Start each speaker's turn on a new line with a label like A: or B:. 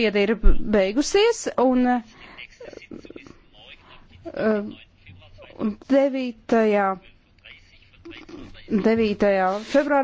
A: spieda ir beigusies un. Uh,
B: 9. 9. februārī.